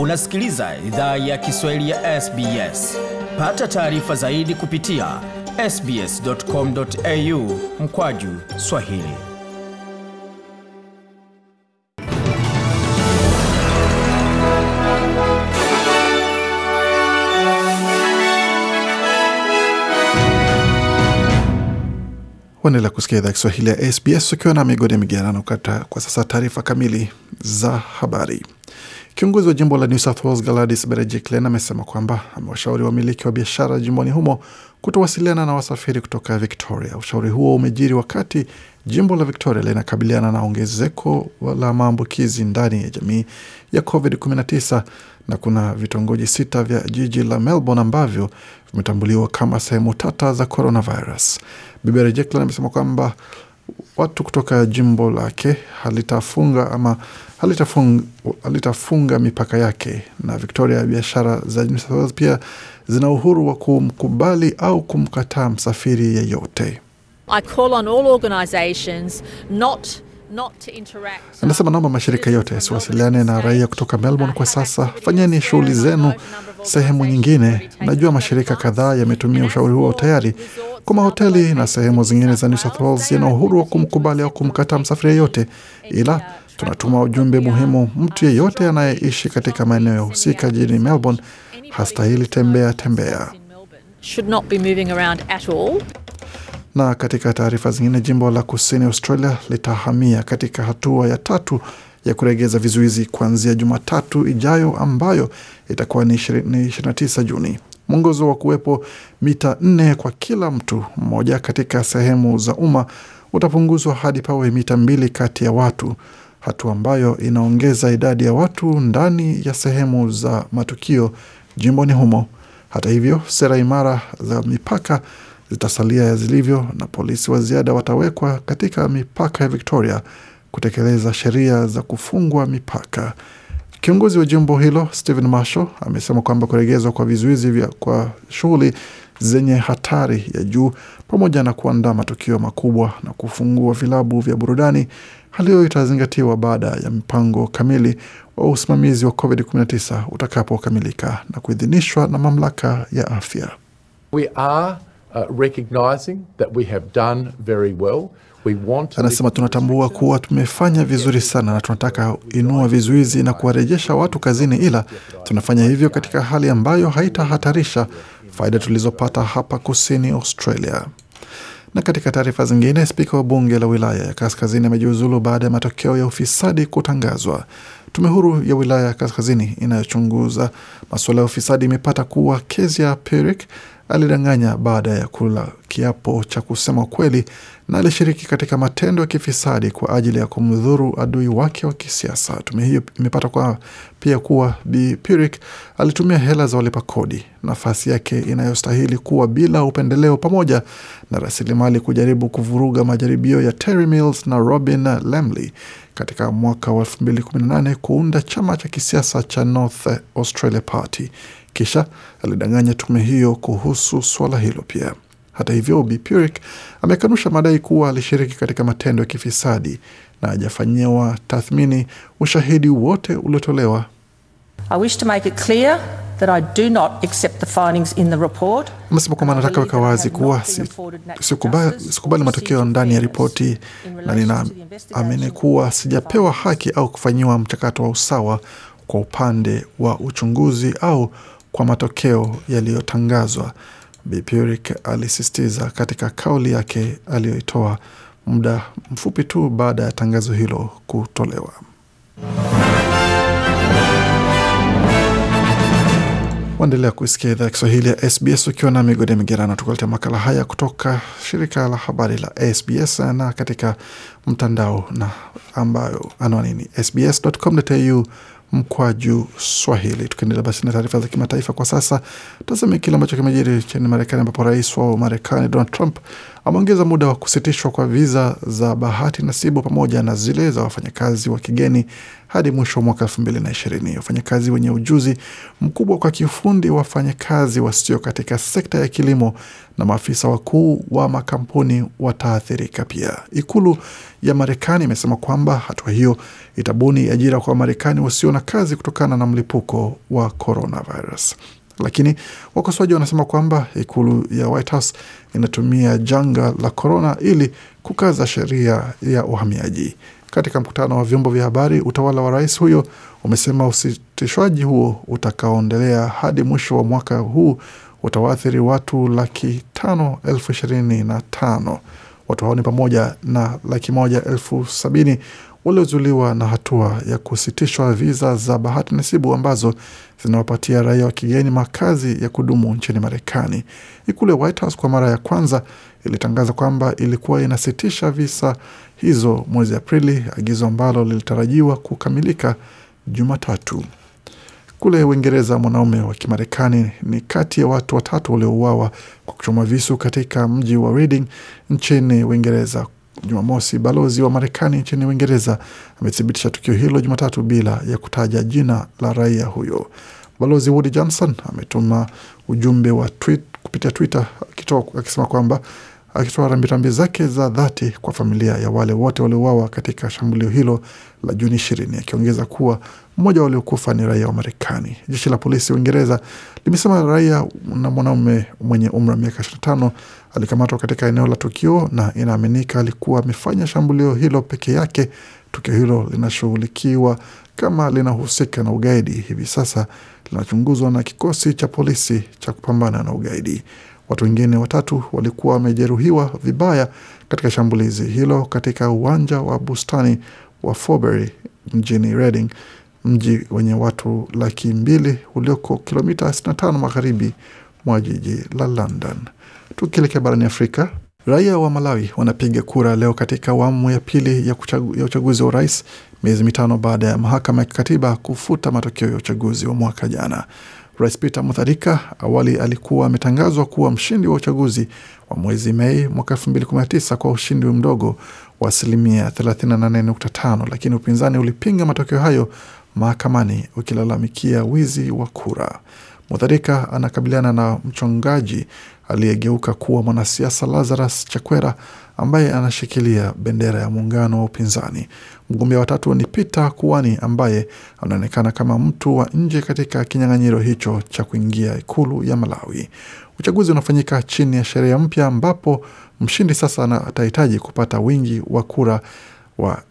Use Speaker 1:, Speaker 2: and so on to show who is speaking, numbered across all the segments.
Speaker 1: Unasikiliza idhaa ya Kiswahili ya SBS. Pata taarifa zaidi kupitia sbs.com.au mkwaju Swahili. Waendelea kusikia idhaa Kiswahili ya SBS ukiwa na migodi ya migerano kata. Kwa sasa taarifa kamili za habari. Kiongozi wa jimbo la New South Wales Gladys Berejiklian amesema kwamba amewashauri wamiliki wa biashara jimboni humo kutowasiliana na wasafiri kutoka Victoria. Ushauri huo umejiri wakati jimbo la Victoria linakabiliana na ongezeko la maambukizi ndani ya jamii ya COVID-19 na kuna vitongoji sita vya jiji la Melbourne ambavyo vimetambuliwa kama sehemu tata za coronavirus. Biberejeklan amesema kwamba watu kutoka jimbo lake halitafunga ama halitafunga, halitafunga mipaka yake na Victoria. Biashara za New pia zina uhuru wa kumkubali au kumkataa msafiri yeyote. I call on all organizations not Anasema naomba mashirika yote yasiwasiliane na raia kutoka Melbourne kwa sasa, fanyeni shughuli zenu sehemu nyingine. Najua mashirika kadhaa yametumia ushauri huo tayari, kwa mahoteli na sehemu zingine za New South Wales yana uhuru wa kumkubali au kumkataa msafiri yeyote, ila tunatuma ujumbe muhimu: mtu yeyote anayeishi katika maeneo ya husika jijini Melbourne hastahili tembea tembea. Na katika taarifa zingine, jimbo la kusini Australia litahamia katika hatua ya tatu ya kuregeza vizuizi kuanzia Jumatatu ijayo ambayo itakuwa ni 29 Juni. Mwongozo wa kuwepo mita nne kwa kila mtu mmoja katika sehemu za umma utapunguzwa hadi pawe mita mbili kati ya watu, hatua ambayo inaongeza idadi ya watu ndani ya sehemu za matukio jimboni humo. Hata hivyo, sera imara za mipaka zitasalia zilivyo na polisi wa ziada watawekwa katika mipaka ya Victoria kutekeleza sheria za kufungwa mipaka. Kiongozi wa jimbo hilo Stephen Marshall amesema kwamba kuregezwa kwa vizuizi vya kwa shughuli zenye hatari ya juu pamoja na kuandaa matukio makubwa na kufungua vilabu vya burudani, hali hiyo itazingatiwa baada ya mpango kamili wa usimamizi wa COVID-19 utakapokamilika na kuidhinishwa na mamlaka ya afya. We are Uh, recognizing that we have done very well. Anasema tunatambua kuwa tumefanya vizuri sana na tunataka inua vizuizi na kuwarejesha watu kazini, ila tunafanya hivyo katika hali ambayo haitahatarisha faida tulizopata hapa kusini Australia. Na katika taarifa zingine, spika wa bunge la wilaya ya kaskazini amejiuzulu baada ya matokeo ya ufisadi kutangazwa. Tume huru ya wilaya ya kaskazini inayochunguza masuala ya ufisadi imepata kuwa kesi ya Peric alidanganya baada ya kula kiapo cha kusema kweli na alishiriki katika matendo ya kifisadi kwa ajili ya kumdhuru adui wake wa kisiasa. Tume hiyo imepata kwa pia kuwa b Pyrik alitumia hela za walipa kodi, nafasi yake inayostahili kuwa bila upendeleo, pamoja na rasilimali kujaribu kuvuruga majaribio ya Terry Mills na Robin Lemley katika mwaka wa 2018 kuunda chama cha kisiasa cha North Australia Party kisha alidanganya tume hiyo kuhusu swala hilo pia. Hata hivyo, Bi Pyurik amekanusha madai kuwa alishiriki katika matendo ya kifisadi na hajafanyiwa tathmini ushahidi wote uliotolewa. Amesema kwamba anataka weka wazi kuwa sikubali matokeo ndani ya ripoti na ninaamini kuwa sijapewa haki au kufanyiwa mchakato wa usawa kwa upande wa uchunguzi au kwa matokeo yaliyotangazwa, Bi alisistiza alisisitiza katika kauli yake aliyoitoa muda mfupi tu baada ya tangazo hilo kutolewa. Waendelea kuisikia idhaa ya Kiswahili ya SBS ukiwa na migodi ya migerano, tukuletea makala haya kutoka shirika la habari la SBS na katika mtandao na ambayo anwani ni sbs.com.au mkwaju Swahili. Tukiendelea basi na taarifa za kimataifa kwa sasa, tazame kile ambacho kimejiri nchini Marekani, ambapo rais wa Marekani Donald Trump ameongeza muda wa kusitishwa kwa viza za bahati nasibu pamoja na zile za wafanyakazi wa kigeni hadi mwisho wa mwaka elfu mbili na ishirini. Wafanyakazi wenye ujuzi mkubwa kwa kiufundi, wafanyakazi wasio katika sekta ya kilimo na maafisa wakuu wa makampuni wataathirika pia. Ikulu ya Marekani imesema kwamba hatua hiyo itabuni ajira kwa Wamarekani wasio na kazi kutokana na mlipuko wa coronavirus. Lakini wakosoaji wanasema kwamba ikulu ya White House inatumia janga la korona ili kukaza sheria ya uhamiaji. Katika mkutano wa vyombo vya habari, utawala wa rais huyo umesema usitishwaji huo utakaoendelea hadi mwisho wa mwaka huu utawaathiri watu laki tano elfu ishirini na tano. Watu hao ni pamoja na laki moja elfu sabini waliozuliwa na hatua ya kusitishwa viza za bahati nasibu ambazo zinawapatia raia wa kigeni makazi ya kudumu nchini Marekani. Ikulu ya White House kwa mara ya kwanza ilitangaza kwamba ilikuwa inasitisha visa hizo mwezi Aprili, agizo ambalo lilitarajiwa kukamilika Jumatatu. Kule Uingereza, mwanaume wa Kimarekani ni kati ya watu watatu waliouawa kwa kuchoma visu katika mji wa Reading nchini Uingereza Jumamosi, balozi wa Marekani nchini Uingereza amethibitisha tukio hilo Jumatatu bila ya kutaja jina la raia huyo. Balozi Woody Johnson ametuma ujumbe wa tweet kupitia Twitter akisema kwamba akitoa rambirambi zake za dhati kwa familia ya wale wote waliouawa katika shambulio hilo la Juni ishirini, akiongeza kuwa mmoja waliokufa ni raia wa Marekani. Jeshi la polisi Uingereza limesema raia na mwanaume mwenye umri wa miaka 25 alikamatwa katika eneo la tukio na inaaminika alikuwa amefanya shambulio hilo peke yake. Tukio hilo linashughulikiwa kama linahusika na ugaidi, hivi sasa linachunguzwa na kikosi cha polisi cha kupambana na ugaidi. Watu wengine watatu walikuwa wamejeruhiwa vibaya katika shambulizi hilo katika uwanja wa bustani wa Forbury mjini Reading, mji wenye watu laki mbili ulioko kilomita 65 magharibi mwa jiji la London. Tukielekea barani Afrika, raia wa Malawi wanapiga kura leo katika awamu ya pili ya, kuchagu, ya uchaguzi wa urais, miezi mitano baada ya mahakama ya kikatiba kufuta matokeo ya uchaguzi wa mwaka jana. Rais Peter Mutharika awali alikuwa ametangazwa kuwa mshindi wa uchaguzi wa mwezi Mei mwaka 2019 kwa ushindi mdogo wa asilimia 38.5, lakini upinzani ulipinga matokeo hayo mahakamani ukilalamikia wizi wa kura. Mutharika anakabiliana na mchongaji aliyegeuka kuwa mwanasiasa Lazarus Chakwera ambaye anashikilia bendera ya muungano wa upinzani. Mgombea wa tatu ni Peter Kuani ambaye anaonekana kama mtu wa nje katika kinyang'anyiro hicho cha kuingia ikulu ya Malawi. Uchaguzi unafanyika chini ya sheria mpya ambapo mshindi sasa atahitaji kupata wingi wa kura wa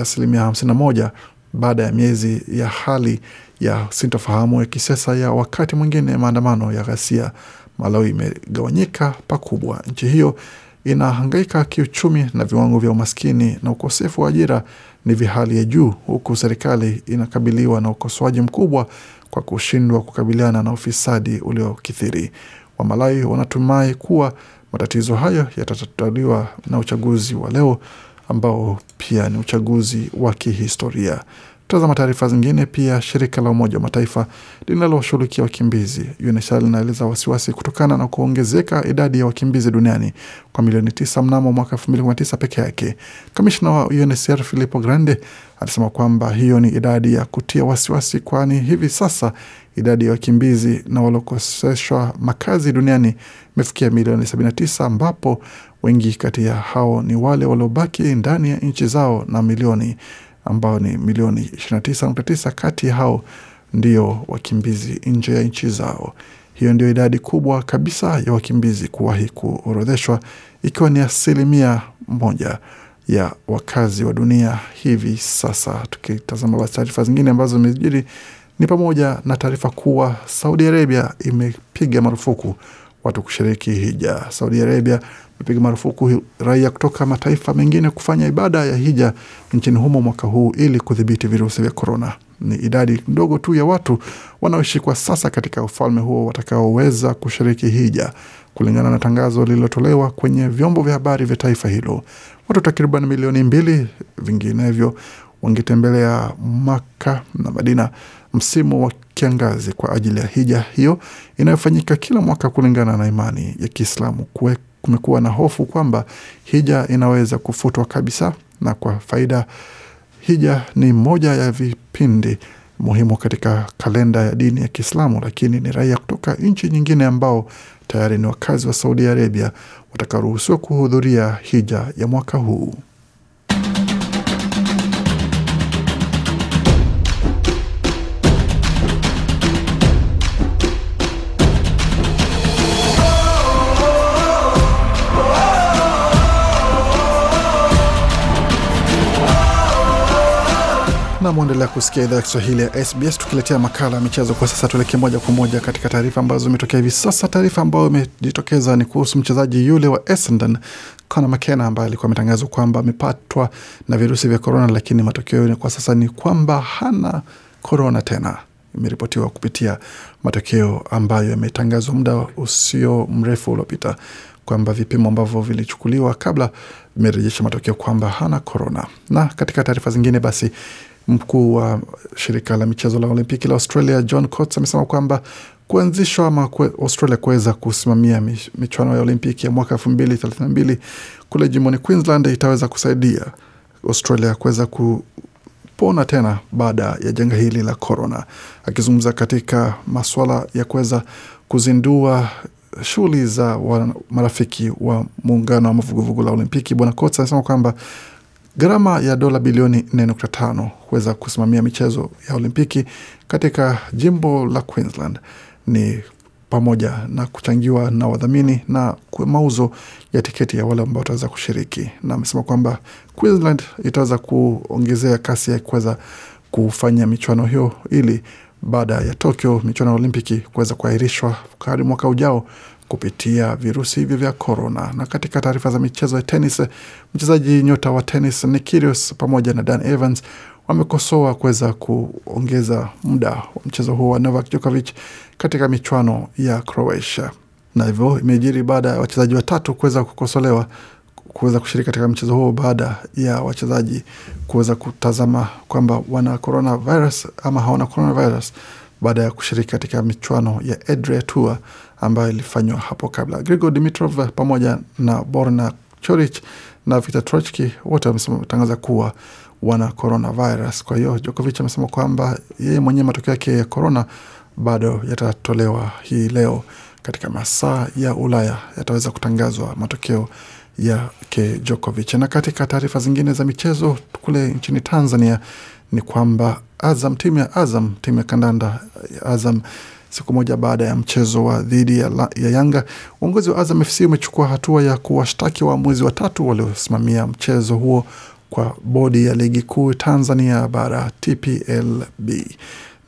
Speaker 1: asilimia 51 baada ya miezi ya hali ya sintofahamu ya kisiasa ya wakati mwingine maandamano ya ghasia. Malawi imegawanyika pakubwa. Nchi hiyo inahangaika kiuchumi na viwango vya umaskini na ukosefu wa ajira ni vihali ya juu, huku serikali inakabiliwa na ukosoaji mkubwa kwa kushindwa kukabiliana na ufisadi uliokithiri. Wamalai wanatumai kuwa matatizo hayo yatatatuliwa na uchaguzi wa leo ambao pia ni uchaguzi wa kihistoria. Tazama taarifa zingine pia. Shirika la Umoja wa Mataifa linaloshughulikia wakimbizi UNHCR linaeleza wasiwasi kutokana na kuongezeka idadi ya wakimbizi duniani kwa milioni tisa mnamo mwaka 2019 peke yake. Kamishna wa UNHCR Filippo Grande alisema kwamba hiyo ni idadi ya kutia wasiwasi, kwani hivi sasa idadi ya wakimbizi na waliokoseshwa makazi duniani imefikia milioni 79 ambapo wengi kati ya hao ni wale waliobaki ndani ya nchi zao na milioni ambao ni milioni 29.9 kati ya hao ndio wakimbizi nje ya nchi zao. Hiyo ndio idadi kubwa kabisa ya wakimbizi kuwahi kuorodheshwa, ikiwa ni asilimia moja ya wakazi wa dunia hivi sasa. Tukitazama basi taarifa zingine ambazo zimejiri ni pamoja na taarifa kuwa Saudi Arabia imepiga marufuku watu kushiriki hija. Saudi Arabia imepiga marufuku raia kutoka mataifa mengine kufanya ibada ya hija nchini humo mwaka huu ili kudhibiti virusi vya korona. Ni idadi ndogo tu ya watu wanaoishi kwa sasa katika ufalme huo watakaoweza kushiriki hija, kulingana na tangazo lililotolewa kwenye vyombo vya habari vya taifa hilo. Watu takriban milioni mbili vinginevyo wangetembelea Maka na Madina msimu wa kiangazi kwa ajili ya hija hiyo inayofanyika kila mwaka kulingana na imani ya Kiislamu. Kumekuwa na hofu kwamba hija inaweza kufutwa kabisa, na kwa faida hija ni moja ya vipindi muhimu katika kalenda ya dini ya Kiislamu, lakini ni raia kutoka nchi nyingine ambao tayari ni wakazi wa Saudi Arabia watakaruhusiwa kuhudhuria hija ya mwaka huu. na mwendelea kusikia idhaa ya Kiswahili ya SBS tukiletea makala ya michezo. Kwa sasa tuelekee moja kwa moja katika taarifa ambazo zimetokea hivi sasa. Taarifa ambayo imejitokeza ni kuhusu mchezaji yule wa Essendon Conor McKenna ambaye alikuwa ametangazwa kwamba amepatwa na virusi vya korona, lakini matokeo kwa sasa ni kwamba hana korona tena imeripotiwa kupitia matokeo ambayo yametangazwa muda usio mrefu uliopita kwamba vipimo ambavyo vilichukuliwa kabla vimerejesha matokeo kwamba hana korona. Na katika taarifa zingine, basi Mkuu wa shirika la michezo la Olimpiki la Australia John Coates amesema kwamba kuanzishwa ama Australia kuweza kusimamia michuano ya Olimpiki ya mwaka elfu mbili thelathini na mbili kule jimboni Queensland itaweza kusaidia Australia kuweza kupona tena baada ya janga hili la corona. Akizungumza katika maswala ya kuweza kuzindua shughuli za marafiki wa muungano wa mavuguvugu la Olimpiki, Bwana anasema kwamba Gharama ya dola bilioni 4.5 kuweza kusimamia michezo ya Olimpiki katika jimbo la Queensland ni pamoja na kuchangiwa na wadhamini na mauzo ya tiketi ya wale ambao wataweza kushiriki, na amesema kwamba Queensland itaweza kuongezea kasi ya kuweza kufanya michuano hiyo ili baada ya Tokyo michuano ya Olimpiki kuweza kuahirishwa hadi mwaka ujao kupitia virusi hivyo vya korona. Na katika taarifa za michezo ya tenis, mchezaji nyota wa tenis ni Kyrgios pamoja na Dan Evans wamekosoa kuweza kuongeza muda wa mchezo huo wa Novak Djokovic katika michuano ya Croatia, na hivyo imejiri baada ya wachezaji watatu kuweza kukosolewa kuweza kushiriki katika mchezo huo baada ya wachezaji kuweza kutazama kwamba wana coronavirus ama hawana coronavirus baada ya kushiriki katika michuano ya Adria Tour ambayo ilifanywa hapo kabla. Grigor Dimitrov pamoja na Borna Chorich na Viktor Trochki wote wametangaza kuwa wana coronavirus. Kwa hiyo Djokovic amesema kwamba yeye mwenyewe matokeo yake ya corona bado yatatolewa hii leo katika masaa ya Ulaya yataweza kutangazwa matokeo yake Djokovic. Na katika taarifa zingine za michezo kule nchini Tanzania ni kwamba Azam, timu ya Azam, timu ya kandanda Azam siku moja baada ya mchezo wa dhidi ya, ya Yanga. Uongozi wa Azam FC umechukua hatua ya kuwashtaki waamuzi watatu waliosimamia mchezo huo kwa bodi ya ligi kuu Tanzania bara TPLB.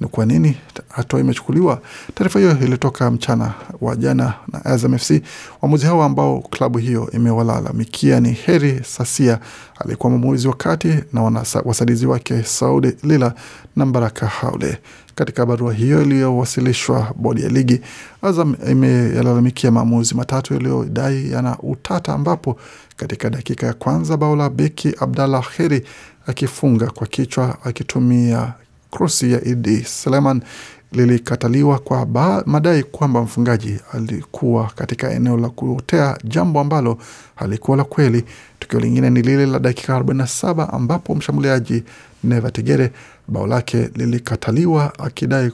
Speaker 1: Ni kwa nini hatua imechukuliwa? Taarifa hiyo ilitoka mchana wa jana na Azam FC. Waamuzi hao ambao klabu hiyo imewalalamikia ni Heri Sasia aliyekuwa mwamuzi wa kati na wasaidizi wake Saudi Lila na Mbaraka Haule. Katika barua hiyo iliyowasilishwa bodi ya ligi, Azam imeyalalamikia maamuzi matatu yaliyodai yana utata, ambapo katika dakika ya kwanza bao la beki Abdallah heri akifunga kwa kichwa akitumia krosi ya Idi Seleman lilikataliwa kwa madai kwamba mfungaji alikuwa katika eneo la kuotea, jambo ambalo halikuwa la kweli. Tukio lingine ni lile la dakika 47 ambapo mshambuliaji Neva Tegere, bao lake lilikataliwa akidai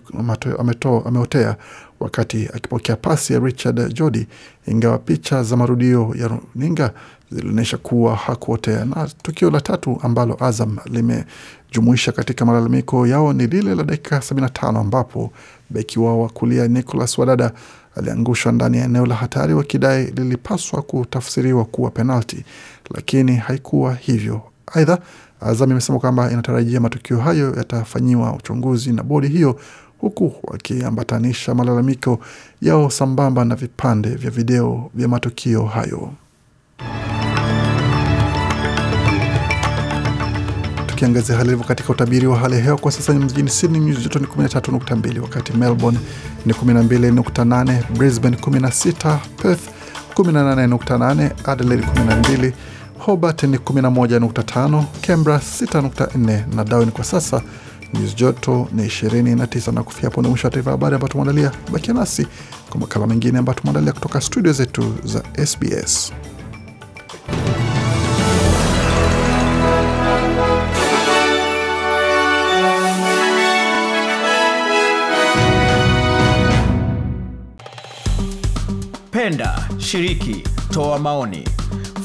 Speaker 1: ameotea wakati akipokea pasi ya Richard Jodi, ingawa picha za marudio ya runinga zilionyesha kuwa hakuotea. Na tukio la tatu ambalo Azam limejumuisha katika malalamiko yao ni lile la dakika 75 ambapo beki wao wa kulia Nicolas Wadada aliangushwa ndani ya eneo la hatari, wakidai lilipaswa kutafsiriwa kuwa penalti, lakini haikuwa hivyo. Aidha, Ah, Azam imesema kwamba inatarajia matukio hayo yatafanyiwa uchunguzi na bodi hiyo, huku wakiambatanisha malalamiko yao sambamba na vipande vya video vya matukio hayo. Tukiangazia hali ilivyo katika utabiri wa hali ya hewa kwa sasa, mjini Sydney nyuzi joto ni 13.2, wakati Melbourne ni 12.8, Brisbane 16, Perth 18.8, Adelaide 12 Hobart ni 11.5, Canberra 6.4 na Darwin kwa sasa nyuzi joto ni 29. Na kufikia hapo ni mwisho wa taarifa habari ambayo tumeandalia. Bakia nasi kwa makala mengine ambayo tumeandalia kutoka studio zetu za SBS. Penda, shiriki, toa maoni